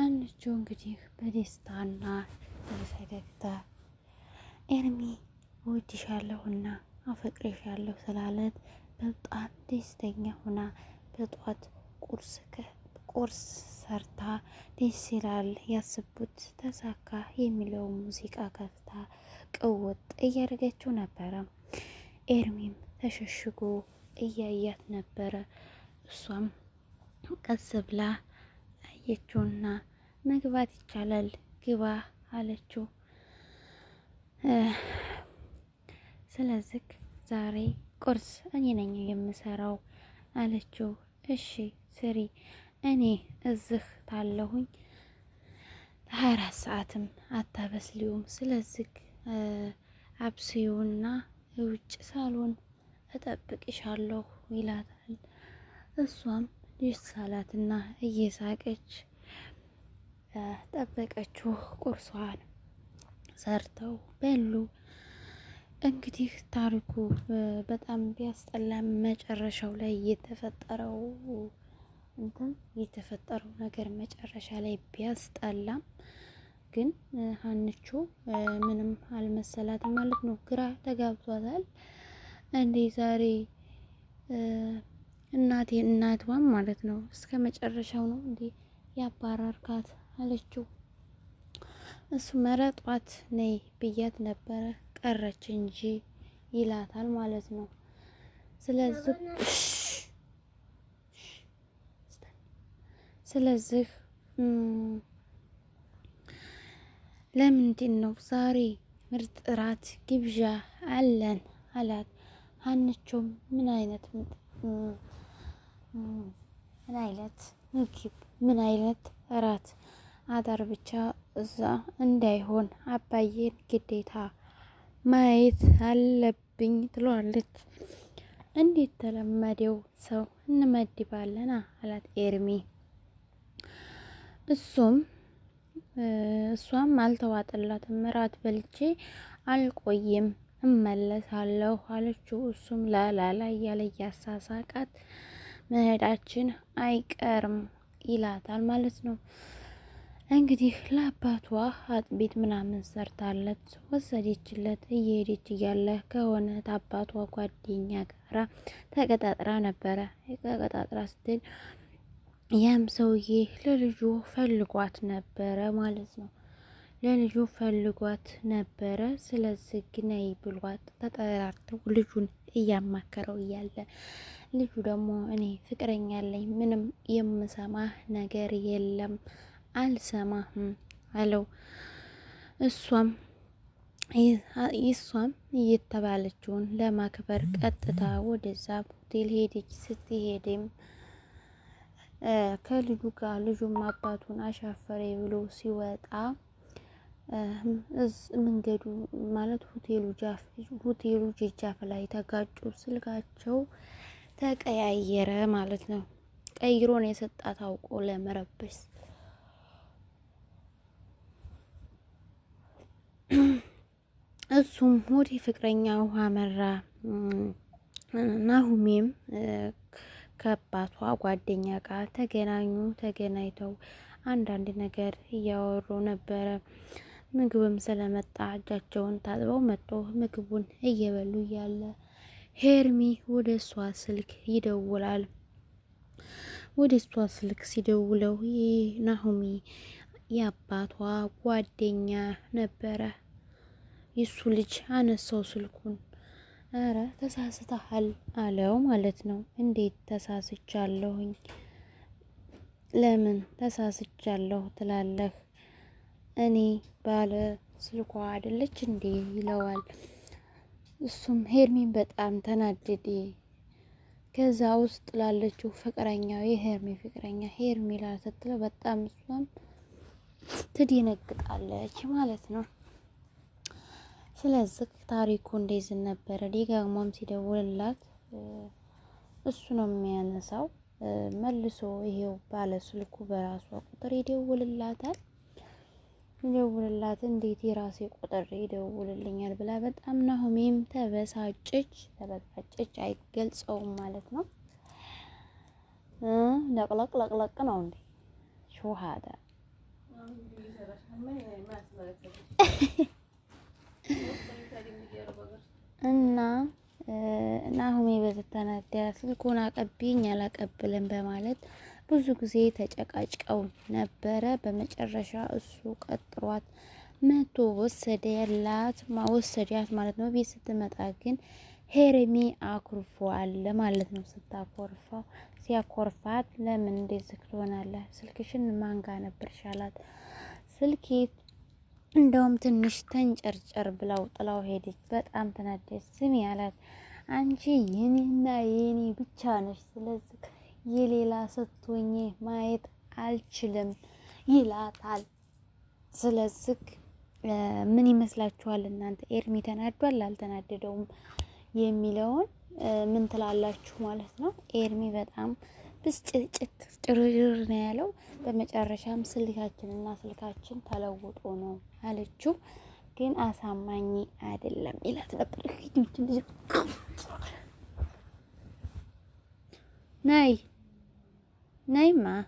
አንቹ እንግዲህ በደስታና በፈገግታ ኤርሚ አፈቅሬሽ አፈቅሬሻለሁ ስላለት በጣም ደስተኛ ሆና በጧት ቁርስ ቁርስ ሰርታ ደስ ይላል። ያስቡት ተሳካ የሚለው ሙዚቃ ከፍታ ቅውጥ እያደረገችው ነበረ። ኤርሚም ተሸሽጎ እያያት ነበረ። እሷም ቀስ ብላ አየችውና መግባት ይቻላል ግባ አለችው። ስለዚህ ዛሬ ቁርስ እኔ ነኝ የምሰራው አለችው። እሺ ስሪ፣ እኔ እዚህ ታለሁኝ ሀያ አራት ሰዓትም አታበስሊውም። ስለዚህ አብስዩና የውጭ ሳሎን እጠብቅሻለሁ ይላታል እሷም ይሳላትና እየሳቀች ጠበቀችው። ቁርሷን ሰርተው በሉ። እንግዲህ ታሪኩ በጣም ቢያስጠላም መጨረሻው ላይ የተፈጠረው እንትን የተፈጠረው ነገር መጨረሻ ላይ ቢያስጠላም ግን ሀንቹ ምንም አልመሰላትም ማለት ነው። ግራ ተጋብቷታል እንዴ ዛሬ እናቴ እናቷም ማለት ነው እስከ መጨረሻው ነው እንዴ ያባረርካት አለችው። እሱ መረጧት ነይ ብያት ነበረ ቀረች እንጂ ይላታል ማለት ነው። ስለዚህ ስለዚህ ለምንድን ነው ዛሬ ምርጥ እራት ግብዣ አለን አላት። አንቾም ምን አይነት ምጥ ምን አይነት ምግብ ምን አይነት እራት አዳር ብቻ እዛ እንዳይሆን አባዬን ግዴታ ማየት አለብኝ ትለዋለች። እንዴት ተለመደው ሰው እንመድባለና አላት ኤርሚ። እሱም እሷም አልተዋጠላትም። እራት በልቼ አልቆይም እመለሳለሁ አለችው። እሱም ላላላ እያለ እያሳሳቃት መሄዳችን አይቀርም ይላታል ማለት ነው። እንግዲህ ለአባቷ አጥቢት ምናምን ሰርታለት ወሰደችለት። እየሄደች እያለ ከሆነ አባቷ ጓደኛ ጋራ ተቀጣጥራ ነበረ። ተቀጣጥራ ስትል ያም ሰውዬ ለልጁ ፈልጓት ነበረ ማለት ነው። ለልጁ ፈልጓት ነበረ። ስለዚህ ግናይ ብሏት ተጠራርተው ልጁን እያማከረው እያለ ልጁ ደግሞ እኔ ፍቅረኛ አለኝ፣ ምንም የምሰማ ነገር የለም፣ አልሰማህም አለው። እሷም ይሷም እየተባለችውን ለማክበር ቀጥታ ወደዛ ሆቴል ሄደች። ስትሄድም ከልጁ ጋር ልጁም አባቱን አሻፈሬ ብሎ ሲወጣ መንገዱ ማለት ሆቴሉ ጃፍ ሆቴሉ ጃፍ ላይ ተጋጩ። ስልካቸው ተቀያየረ ማለት ነው። ቀይሮ ነው የሰጣት አውቆ ለመረበሽ እሱም ሆቴ ፍቅረኛ ውሃ መራ። ናሁሜም ከባቷ ጓደኛ ጋር ተገናኙ። ተገናኝተው አንዳንድ ነገር እያወሩ ነበረ። ምግብም ስለመጣ እጃቸውን ታጥበው መጦ ምግቡን እየበሉ እያለ ሄርሚ ወደ እሷ ስልክ ይደውላል። ወደ እሷ ስልክ ሲደውለው ናሆሚ የአባቷ ጓደኛ ነበረ። የሱ ልጅ አነሳው ስልኩን። አረ ተሳስተሃል አለው ማለት ነው። እንዴት ተሳስቻለሁኝ? ለምን ተሳስቻለሁ ትላለህ እኔ ባለ ስልኳ አይደለች እንዴ ይለዋል። እሱም ሄርሚን በጣም ተናደደ። ከዛ ውስጥ ላለችው ፍቅረኛው የሄርሜ ፍቅረኛ ሄርሜ ላልተትለው በጣም እሷም ትደነግጣለች ማለት ነው። ስለዚህ ታሪኩ እንደዚህ ነበረ። ደጋግሞም ሲደውልላት እሱ ነው የሚያነሳው። መልሶ ይሄው ባለ ስልኩ በራሷ ቁጥር ይደውልላታል። እንደውልላት እንዴት የራሴ ቁጥር ይደውልልኛል ብላ በጣም ናሆሜም ተበሳጨች። ተበሳጨች አይገልጸውም ማለት ነው። ለቅለቅ ለቅለቅ ነው እንዴ ሹሃዳ እና ናሆሜ በተተናዳ ስልኩን አቀብኝ አላቀብልም በማለት ብዙ ጊዜ ተጨቃጭቀው ነበረ። በመጨረሻ እሱ ቀጥሯት መቶ ወሰደ ያላት ወሰዳት ማለት ነው። ቤት ስትመጣ ግን ሄርሚ አኩርፏል ማለት ነው። ስታኮርፋው ሲያኮርፋት ለምን እንደዚህ ትሆናለህ? ስልክሽን ማንጋ ነበር ነበርሽ ስልኬት እንደውም ትንሽ ተንጨርጨር ብላው ጥላው ሄደች። በጣም ተናደች። ስሚ ያላት አንቺ የኔና የኔ ብቻ ነሽ ስለዚህ የሌላ ስትሆኜ ማየት አልችልም ይላታል። ስለዚህ ምን ይመስላችኋል እናንተ ኤርሚ ተናዷል አልተናደደውም የሚለውን ምን ትላላችሁ ማለት ነው? ኤርሚ በጣም ብስጭጭት ጭርር ነው ያለው። በመጨረሻም ስልካችንና ስልካችን ተለውጦ ነው አለችው። ግን አሳማኝ አይደለም ይላት ነበር። ናይ Neymar.